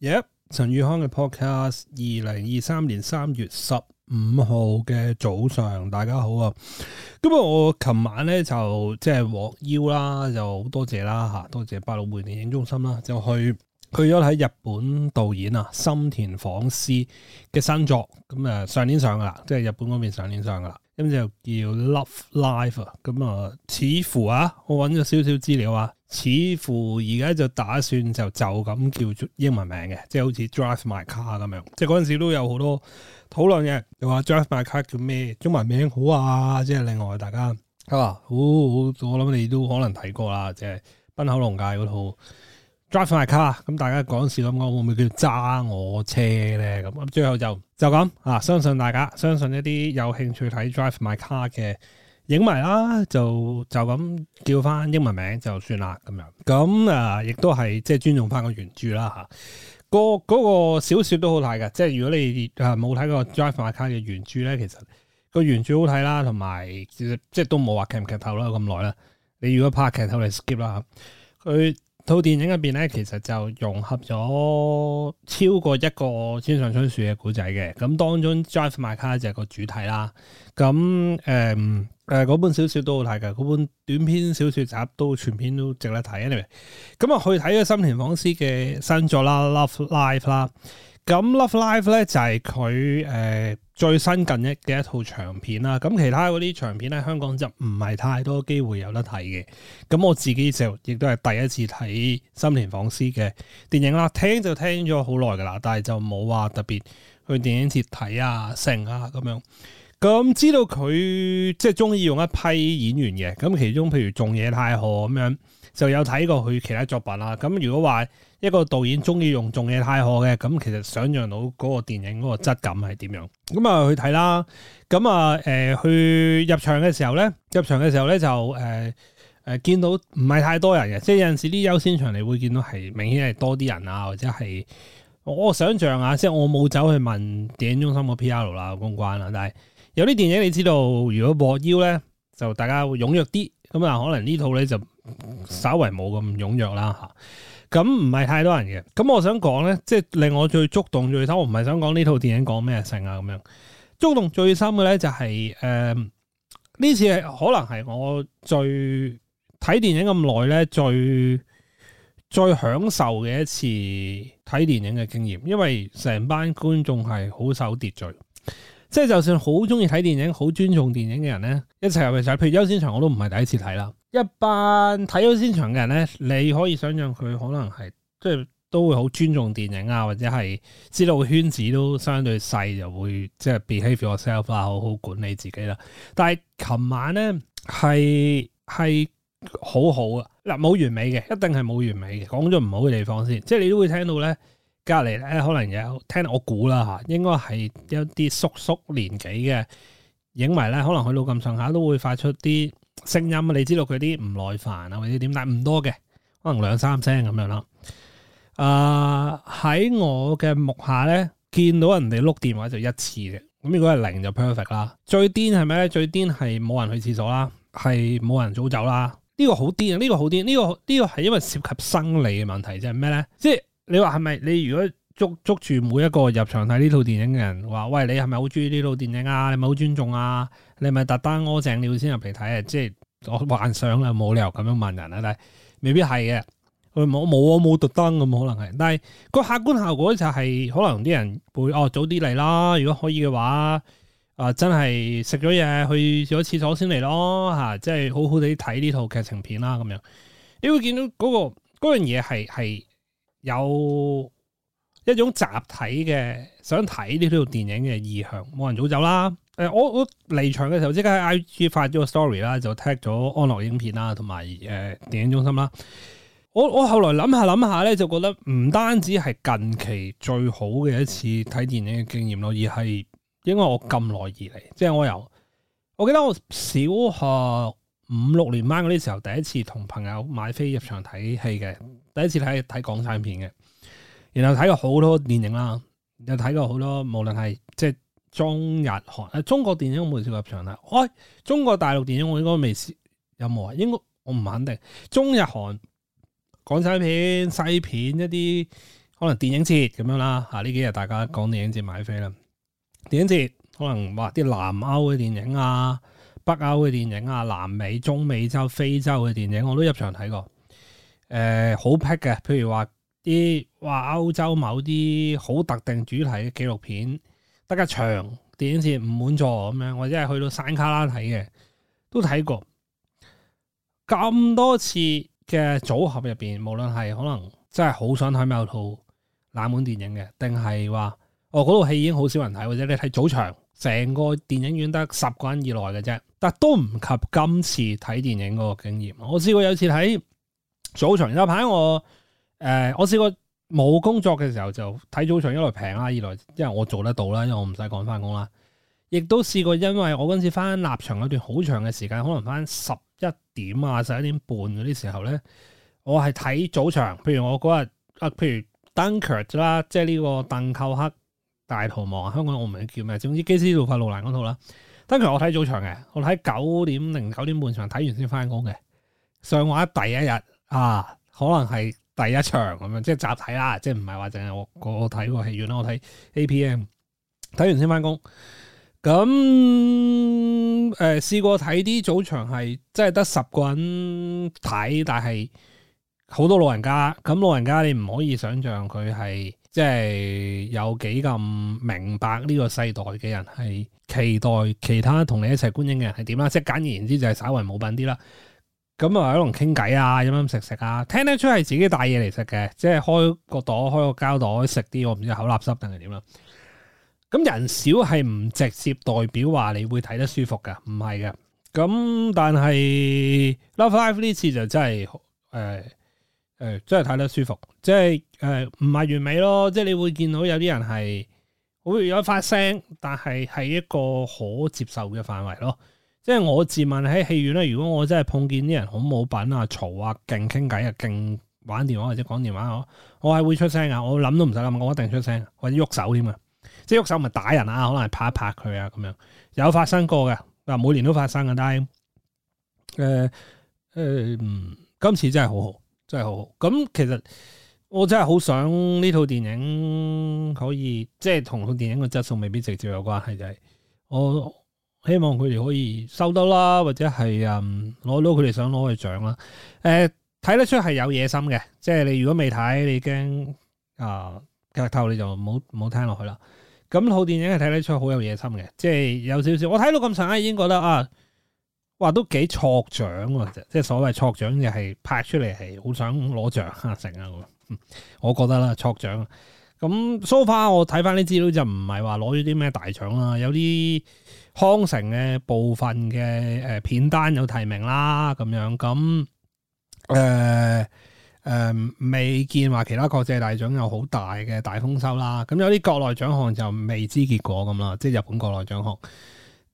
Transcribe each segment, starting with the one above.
耶！陳宇、yeah, 康嘅 podcast，二零二三年三月十五號嘅早上，大家好啊！咁啊，我琴晚咧就即係獲邀啦，就好多謝啦吓、啊，多謝百老匯電影中心啦，就去。去咗喺日本導演啊，深田晃司嘅新作，咁、嗯、啊上年上噶啦，即係日本嗰邊上年上噶啦，咁、嗯、就叫 Love Life 啊、嗯，咁、嗯、啊似乎啊，我揾咗少少資料啊，似乎而家就打算就就咁叫英文名嘅，即係好似 Drive My Car 咁樣，即係嗰陣時都有好多討論嘅，又話 Drive My Car 叫咩，中文名好啊，即係另外大家，好好、哦，我諗你都可能睇過啦，即係《濱口龍介》嗰套。Drive My Car 咁大家講笑咁講，會唔會叫揸我車咧？咁咁最後就就咁啊！相信大家相信一啲有興趣睇 Drive My Car 嘅影迷啦，就就咁叫翻英文名就算啦，咁樣咁啊，亦都係即係尊重翻個原著啦吓。個嗰個小說都好睇嘅，即係如果你啊冇睇過 Drive My Car 嘅原著咧，其實個原著好睇啦，同埋其實即係都冇話劇唔劇透啦，咁耐啦。你如果拍劇透嚟 skip 啦吓，佢。套電影入邊咧，其實就融合咗超過一個《村上春樹》嘅古仔嘅，咁當中 Drive My Car 就係個主題啦。咁誒誒，嗯、嗰本小説都好睇嘅，嗰本短篇小説集都全篇都值得睇。anyway，咁啊去睇個《深田晃司嘅新作啦，Love Life 啦。咁《Love Life》咧就係、是、佢、呃、最新近一嘅一套長片啦，咁其他嗰啲長片咧，香港就唔係太多機會有得睇嘅。咁我自己就亦都係第一次睇《深田晃司》嘅電影啦，聽就聽咗好耐噶啦，但係就冇話特別去電影節睇啊、剩啊咁樣。咁知道佢即係中意用一批演員嘅，咁其中譬如《仲野太賀》咁樣，就有睇過佢其他作品啦。咁如果話一個導演中意用《仲野太賀》嘅，咁其實想象到嗰個電影嗰個質感係點樣？咁啊去睇啦。咁啊，誒、呃、去入場嘅時候咧，入場嘅時候咧就誒誒、呃呃、見到唔係太多人嘅，即係有陣時啲優先場你會見到係明顯係多啲人啊，或者係我想象啊，即係我冇走去問電影中心個 PR 啦公關啦，但係。有啲電影你知道，如果臥腰咧，就大家會踴躍啲。咁啊，可能呢套咧就稍微冇咁踴躍啦吓。咁唔係太多人嘅。咁我想講咧，即係令我最觸動最深，我唔係想講呢套電影講咩性啊咁樣。觸動最深嘅咧就係、是、誒，呢、呃、次係可能係我最睇電影咁耐咧最最享受嘅一次睇電影嘅經驗，因為成班觀眾係好守秩序。即係就算好中意睇電影、好尊重電影嘅人咧，一齊入去就譬如優先場，我都唔係第一次睇啦。一班睇優先場嘅人咧，你可以想象佢可能係，即係都會好尊重電影啊，或者係知道個圈子都相對細，就會即係、就是、behave yourself 啊，好好管理自己啦。但係琴晚咧係係好好啊，嗱冇完美嘅，一定係冇完美嘅。講咗唔好嘅地方先，即係你都會聽到咧。隔籬咧可能有，聽我估啦吓，應該係一啲叔叔年紀嘅影迷咧，可能去到咁上下都會發出啲聲音，你知道佢啲唔耐煩啊或者點，但係唔多嘅，可能兩三聲咁樣啦誒，喺、呃、我嘅目下咧，見到人哋碌電話就一次嘅，咁如果係零就 perfect 啦。最癲係咩咧？最癲係冇人去廁所啦，係冇人早走，走啦。呢、這個好癲，呢、這個好癲，呢、這個呢、這個係因為涉及生理嘅問題，即係咩咧？即係。你話係咪？你如果捉捉住每一個入場睇呢套電影嘅人，話喂，你係咪好中意呢套電影啊？你咪好尊重啊？你咪特登屙淨尿先入嚟睇啊？即係我幻想啦，冇理由咁樣問人啊！但未必係嘅，我冇啊，冇特登咁可能係。但係個客觀效果就係可能啲人會哦早啲嚟啦。如果可以嘅話，呃，真係食咗嘢去咗廁所先嚟咯吓，即係好好地睇呢套劇情片啦咁樣。你會見到嗰個嗰樣嘢係係有一種集體嘅想睇呢套電影嘅意向，冇人早走啦。誒、呃，我我離場嘅時候即刻喺 IG 發咗個 story 啦，就 tag 咗安樂影片啦，同埋誒電影中心啦。我我後來諗下諗下咧，就覺得唔單止係近期最好嘅一次睇電影嘅經驗咯，而係因為我咁耐以嚟，即係我由我記得我小學。五六年班嗰啲時候，第一次同朋友買飛入場睇戲嘅，第一次睇睇港產片嘅，然後睇過好多電影啦，又睇過好多無論係即係中日韓啊、哎，中國電影我冇試過入場啦。喂、哎，中國大陸電影我應該未試有冇啊？應該我唔肯定。中日韓港產片、西片一啲，可能電影節咁樣啦。嚇、啊，呢幾日大家講電影節買飛啦，電影節可能話啲南歐嘅電影啊。北歐嘅電影啊，南美、中美洲、非洲嘅電影，我都入場睇過。誒、呃，好僻嘅，譬如話啲話歐洲某啲好特定主題嘅紀錄片，得一場，電影節唔滿座咁樣，或者係去到山卡拉睇嘅，都睇過。咁多次嘅組合入邊，無論係可能真係好想睇某套冷門電影嘅，定係話哦，嗰套戲已經好少人睇，或者你睇早場，成個電影院得十個人以內嘅啫，但都唔及今次睇電影嗰個經驗。我試過有一次喺早場，有排我誒、呃，我試過冇工作嘅時候就睇早場，一來平啦，二來因為我做得到啦，因為我唔使趕翻工啦。亦都試過，因為我嗰陣時翻立場嗰段好長嘅時間，可能翻十一點啊十一點半嗰啲時候咧，我係睇早場。譬如我嗰日啊，譬如 Dunkirk 啦，即係呢個鄧寇克。大逃亡香港我唔知叫咩？總之基斯杜化路蘭嗰套啦。當然我睇早場嘅，我喺九點零九點半場睇完先翻工嘅。上畫第一日啊，可能係第一場咁樣，即係集體啦，即係唔係話淨係我我睇個戲院啦，我睇 APM 睇完先翻工。咁誒、試、呃、過睇啲早場係，即係得十個人睇，但係好多老人家。咁老人家你唔可以想象佢係。即係有幾咁明白呢個世代嘅人係期待其他同你一齊觀影嘅人係點啦？即係簡而言之就係稍微冇品啲啦。咁啊可能傾偈啊，飲飲食食啊，聽得出係自己帶嘢嚟食嘅，即係開個袋，開個膠袋食啲，我唔知口垃圾定係點啦。咁人少係唔直接代表話你會睇得舒服噶，唔係嘅。咁但係 Love Life 呢次就真係誒。呃誒、哎，真係睇得舒服，即係誒唔係完美咯，即係你會見到有啲人係會有發聲，但係係一個可接受嘅範圍咯。即係我自問喺戲院咧，如果我真係碰見啲人好冇品啊、嘈啊、勁傾偈啊、勁玩電話或者講電話，我我係會出聲啊，我諗都唔使諗，我一定出聲，或者喐手添啊。即係喐手咪打人啊，可能係拍一拍佢啊咁樣，有發生過嘅，嗱每年都發生嘅，但係誒誒，嗯、呃，今、呃、次真係好好。真係好，好。咁其實我真係好想呢套電影可以，即係同套電影嘅質素未必直接有關係，就係、是、我希望佢哋可以收得啦，或者係嗯攞到佢哋想攞嘅獎啦。誒、呃，睇得出係有野心嘅，即係你如果未睇，你驚啊劇透，你就唔好聽落去啦。咁套電影係睇得出好有野心嘅，即、就、係、是、有少少。我睇到咁長已經覺得。啊！話都幾挫獎喎，即係所謂挫獎又係拍出嚟係好想攞獎啊成啊，我覺得啦挫獎。咁 so far 我睇翻啲資料就唔係話攞咗啲咩大獎啦，有啲康城嘅部分嘅誒片單有提名啦，咁樣咁誒誒未見話其他國際大獎有好大嘅大豐收啦。咁有啲國內獎項就未知結果咁啦，即係日本國內獎項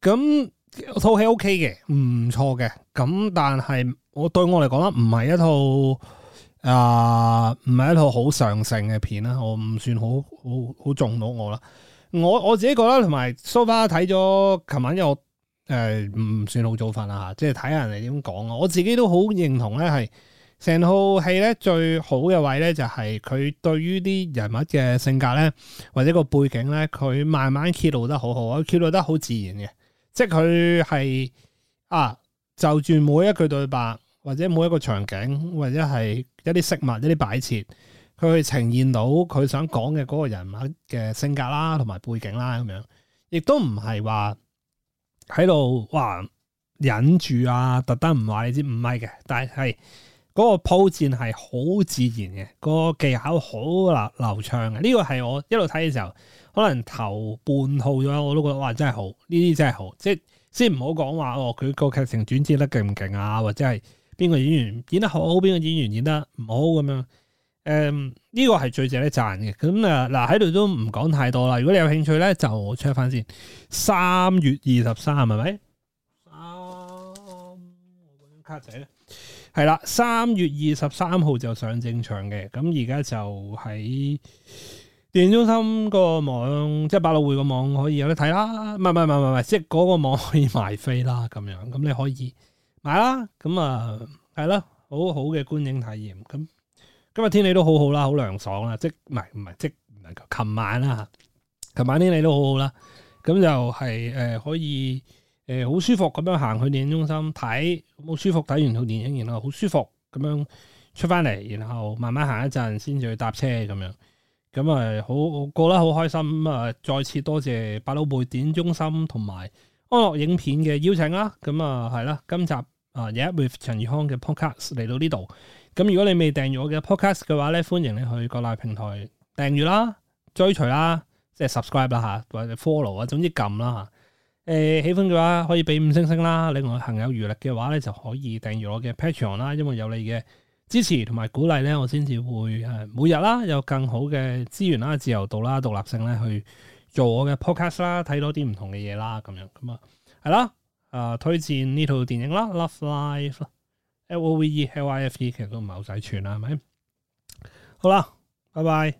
咁。套戲 O K 嘅，唔錯嘅。咁但係我對我嚟講啦，唔係一套唔係、呃、一套好上乘嘅片啦。我唔算好好好中到我啦。我我自己覺得，同埋 so far 睇咗，琴晚又誒，唔、呃、算好早瞓啦吓。即係睇人哋點講啊，我自己都好認同咧，係成套戲咧，最好嘅位咧，就係佢對於啲人物嘅性格咧，或者個背景咧，佢慢慢揭露得好好，揭露得好自然嘅。即係佢係啊，就住每一句對白，或者每一個場景，或者係一啲飾物、一啲擺設，佢呈現到佢想講嘅嗰個人物嘅性格啦，同埋背景啦，咁樣，亦都唔係話喺度哇忍住啊，特登唔話你知，唔係嘅，但係嗰個鋪墊係好自然嘅，個技巧好流流暢嘅，呢個係我一路睇嘅時候。可能頭半號咗，我都覺得哇，真係好！呢啲真係好，即係先唔好講話哦。佢個劇情轉折得勁唔勁啊？或者係邊個演員演得好，邊個演員演得唔好咁樣？誒、嗯，呢、這個係最值得讚嘅。咁啊，嗱喺度都唔講太多啦。如果你有興趣咧，就 check 翻先。三月二十三係咪？三、啊、我嗰張卡仔咧，係啦，三月二十三號就上正場嘅。咁而家就喺。電影中心個網，即係百老匯個網可以有得睇啦，唔係唔係唔係唔係，即係嗰個網可以買飛啦，咁樣咁你可以買啦，咁啊係啦，好好嘅觀影體驗。咁今日天氣都好好啦，好涼爽啦，即唔係唔係即唔係，琴晚啦，琴晚天氣都好好啦，咁就係、是、誒、呃、可以誒好呃舒服咁樣行去電影中心睇，好舒服睇完套電影，然後好舒服咁樣出翻嚟，然後慢慢行一陣先至去搭車咁樣。咁啊，好、嗯、過得好開心咁啊！再次多謝百老匯電影中心同埋安樂影片嘅邀請啦！咁、嗯、啊，係啦，今集啊，有一 with 陳宇康嘅 podcast 嚟到呢度。咁如果你未訂閱我嘅 podcast 嘅話咧，歡迎你去各大平台訂閱啦、追隨啦、即係 subscribe 啦嚇或者 follow 啊，總之撳啦嚇、呃。喜歡嘅話可以俾五星星啦。你同我行有餘力嘅話咧，就可以訂閱我嘅 Patreon 啦，因為有你嘅。支持同埋鼓勵咧，我先至會誒每日啦，有更好嘅資源啦、自由度啦、獨立性咧，去做我嘅 podcast 啦，睇多啲唔同嘅嘢啦，咁樣咁啊，係、呃、啦，誒推薦呢套電影啦，Love Life，L O V E L I F E，其實都唔係好仔串啦，係咪？好啦，拜拜。